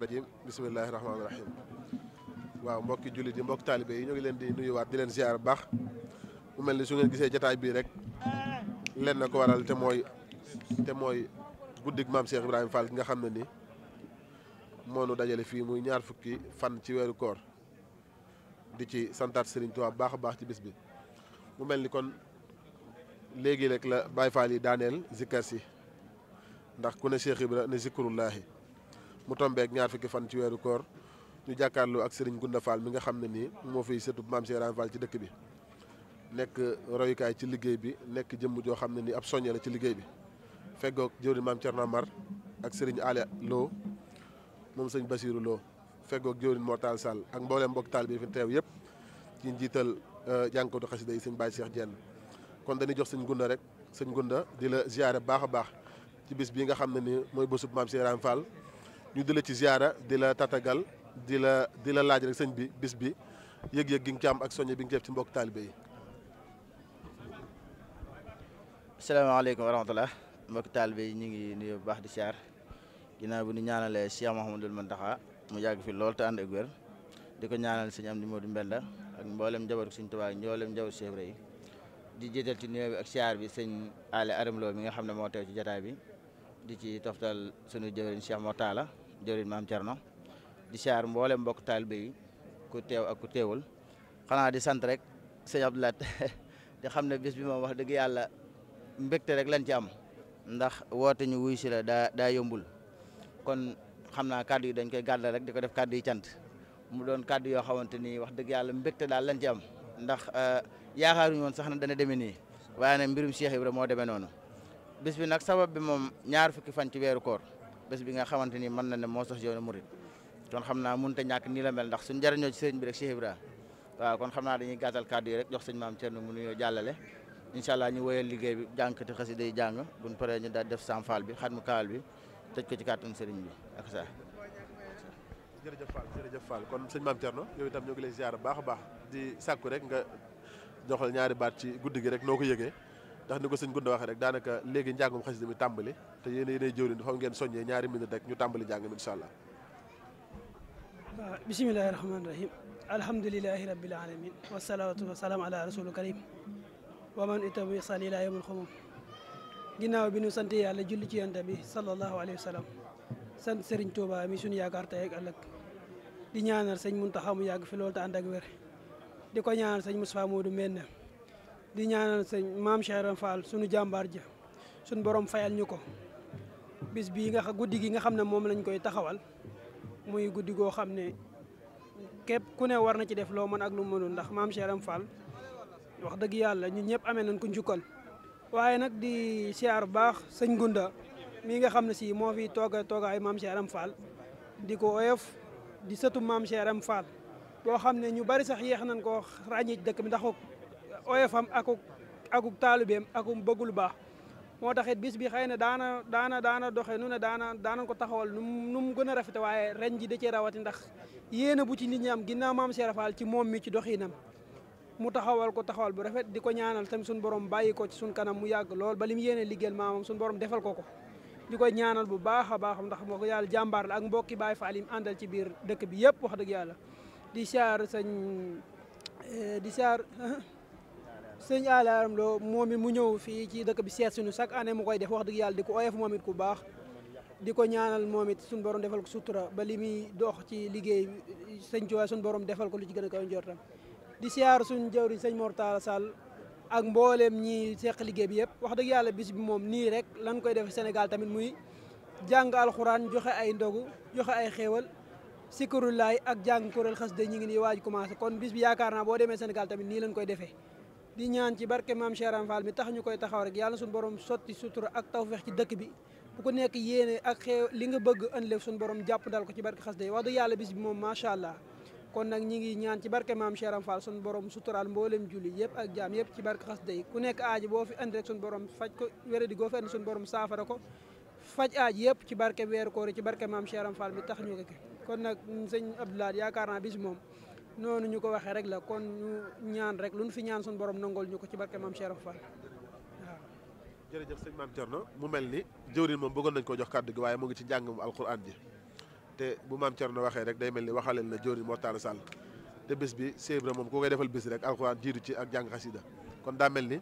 rajim bisimilahi rahmaani waaw mbokki jullit yi mbokki taalibe yi ñu ngi leen di nuyuwaat di leen ziar bu baax mu mel ni su ngeen gisee jataay bii rek leen na ko waral te mooy te mooy guddig maam Cheikh Ibrahima Fall gi nga xam ne ni moonu dajale fii muy ñaar fukki fan ci weeru koor di ci santaat Serigne Touba baax a baax ci bis bi mu mel ni kon léegi rek la Baye Fall yi daaneel zikkar si ndax ku ne Cheikh Ibra ne zikrullahi mu tombeek ñaar fekki fan ci weeru koor ñu jàkkaarloo ak Serigne Gunda Fall mi nga xam ne nii moo fiy sëtub maam Serigne Fall ci dëkk bi nekk royukaay ci liggéey bi nekk jëmm joo xam ne ni ab soññe la ci liggéey bi feggoog jëwriñ maam Thierno Mar ak Serigne Alia Lo moom sëñ Basirou Lo feggoog jëwriñ Mortal Sall ak mbooleem mbokk taal bi fi teew yëpp ci njiital euh, jànkatu xasida yi sëñ Baye Cheikh Diène kon dañuy jox sëñ Gunda rek sëñ Gunda di la ziyaare baax a baax ci bis bii nga xam ne ni mooy bésub maam Serigne Fall ñu di la ci ziara di la tatagal di la di laaj rek sëñ bi bis bi yëg-yëg gi nga ci am ak soñé bi nga ci def mbokk taalibe yi. asalaamaaleykum wa rahmatulah mbokk taalibe yi ñu ngi nuyu bu baax di ziar ginnaaw bu ñu ñaanalee Cheikh Mouhamadul Mountakha mu yàgg fi lool te ànd ak wér di ko ñaanal sëñ Amdi Modou Mbenda ak mboolem njabootu sëñ Tuubaa mboolem njabootu Cheikh Ibra di jiital ci nuyoo bi ak ziar bi sëñ Allé Aram Lo mi nga xam ne moo ci jotaay bi. di ci toftal sunu jëwriñ Cheikh Mortala jëwriñ maam Thierno di siyaar mboole mbokk taal yi ku teew ak ku teewul xanaa di sant rek sëñ Abdoulaye di xam ne bis bi moom wax dëgg yàlla mbégte rek lañ ci am ndax woote ñu si la daa daa yombul kon xam naa kàddu yi dañ koy gàddal rek di ko def kàddu cant mu doon kàddu yoo xamante ni wax dëgg yàlla mbégte daal lañ ci am ndax euh, yaakaaruñu woon sax na dana demee nii waaye nag mbirum Cheikh Ibra moo demee noonu bis bi nag sabab bi moom ñaar fukki fan ci weeru koor bés bi nga xamante ni mën na ne moo sox yoonu murit kon xam naa mun te ñàkk nii la mel ndax suñ jariñoo ci sëriñ bi rek Cheikh Ibra waaw kon xam naa dañuy gàttal kàddu yi rek jox sëñ maam Thierno mu nuyoo jàllale incha allah ñu wéyal liggéey bi jànkati xasida yi jàng buñ paree ñu daal def samfaal bi xatmu kaal bi tëj ko ci kàttanu sëriñ bi ak jërëjëf Fall jërëjëf Fall kon sëñ maam Thierno yow itam ñoo ngi lay ziar baax baax di sàkku rek nga joxal ñaari baat ci guddi gi rek noo ko yëgee ndax ni ko sëñ Gunda waxee rek daanaka léegi njàngum xasida mi tàmbali te yéen yéenay jëwlin dafa ngeen soññee ñaari minute rek ñu tàmbali njàng mi incha allah waaw bisimilahi rahmaani rahim alhamdulilahi rabil alamin wasalaatu wasalaam ala rasulil karim wa man itamu ihsan ila yawmil ginnaaw bi nu sant yàlla julli ci yonent bi sallallahu alayhi wa sallam sant Serigne Touba mi suñu yaakaar tey ak di ñaanal sëñ Muntaxa mu yàgg fi ko di ñaanal sëñ maam Cheikh Ibra Fall sunu jàmbaar ja sunu borom fayal ñu ko bis bii nga guddi gi nga xam ne moom lañ koy taxawal muy guddi goo xam ne képp ku ne war na ci def loo mën ak lu mënul ndax maam Cheikh Ibra wax dëgg yàlla ñu ñëpp amee nañ ku njukkal. waaye nag di siyaar baax sëñ Gunda mii nga xam ne si moo fi tooga toogaayu maam Cheikh Ibra di ko oyof di sëtu maam Cheikh Ibra boo xam ne ñu bari sax yeex nañ koo ràññee dëkk mi ndax oyofam akuk akuk taalubeem akuk bëgg baax moo tax it bis bi xëy na daana daana daana doxe nu ne daana daana ko taxawal nu mu nu mu gën a rafete waaye ren ji da cee rawati ndax yéena bu ci nit ñi am ginnaaw maam Cheikh Fall ci moom mi ci doxinam mu taxawal ko taxawal bu rafet di ko ñaanal tamit suñu borom bàyyi ko ci suñu kanam mu yàgg lool ba li mu yéene liggéeyal maamam suñu borom defal ko ko di ko ñaanal bu baax a baax ndax moo yàlla jàmbaar la ak mbokki Baay Faal yi àndal ci biir dëkk bi yëpp wax dëgg yàlla di sëñ Alla loo Lo moom mu ñëw fii ci dëkk bi seet suñu chaque année mu koy def wax dëgg yàlla di ko oyof moom it ku baax di ko ñaanal moom it suñu borom defal ko sutura ba li muy dox ci liggéey sëñ Tuubaa suñu borom defal ko lu ci gën a kaw njortam di siyaar suñu jawri sëñ Mor Talla Sall ak mbooleem ñi seq liggéey bi yëpp wax dëgg yàlla bis bi moom nii rek lan koy def Sénégal tamit muy jàng alxuraan joxe ay ndogu joxe ay xéewal sikkurulaay ak jàng kuréel xas ngi nii waaj kon bis bi yaakaar naa boo demee Sénégal tamit nii lañ koy defee di ñaan ci barke maam Cheikh Fall mi tax ñu koy taxaw rek yàlla suñu borom sotti sutura ak tawfeex ci dëkk bi bu ko nekk yéene ak xew li nga bëgg ënleef suñu borom jàpp dal ko ci barke xas day wax du yàlla bis bi moom macha allah kon nag ñi ngi ñaan ci barke maam Cheikh Fall suñu borom suturaal mboolem julli yëpp ak jaam yëpp ci barke xas day ku nekk aaji boo fi andi rek suñu borom faj ko wéradi goo fi andi suñu borom saafara ko faj aaj yëpp ci barke weeru koor ci barke maam Cheikh Fall mi tax ñu ko kon nag sëñ yaakaar naa bis moom noonu ñu ko waxee rek la kon ñu ñaan rek lu ñu fi ñaan suñu borom nangol ñu ko ci barke maam Cheikh Fall waaw. jërëjëf sëñ mu mel ni jëwriñ moom bëggoon nañ koo jox kàddu gi waaye mu ngi ci njàngum alquran ji te bu maam Thierno waxee rek day mel ni waxaleel na jëwriñ Mor Talla Sall te bés bi Cheikh moom ku koy defal bés rek alquran jiitu ci ak jàng xasida kon daa mel ni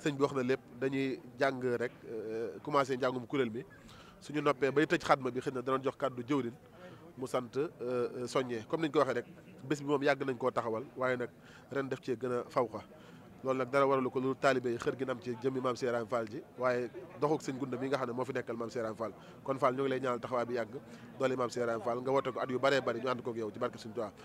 sëñ bi wax na lépp dañuy jàng rek euh, commencé njàngum kuréel bi suñu noppee bay tëj xatma bi xëy na danoon jox kàddu jëwrin mu sant euh, euh, soññee comme ni ñu ko waxee rek bés bi moom yàgg nañ koo taxawal waaye nag ren def cee gën a fawxa loolu nag dara waralu ko loolu taalibe yi xër gi am ci jëmmi maam Seeraam Fall ji waaye doxuk sëñ Gunda mi nga xam ne moo fi nekkal maam Seeraam Fall kon Fall ñu ngi lay ñaanal taxawaay bi yàgg doole maam Seeraam Fall nga woote at yu bëree bëri ñu ànd kook yow ci barke suñu Tuubaa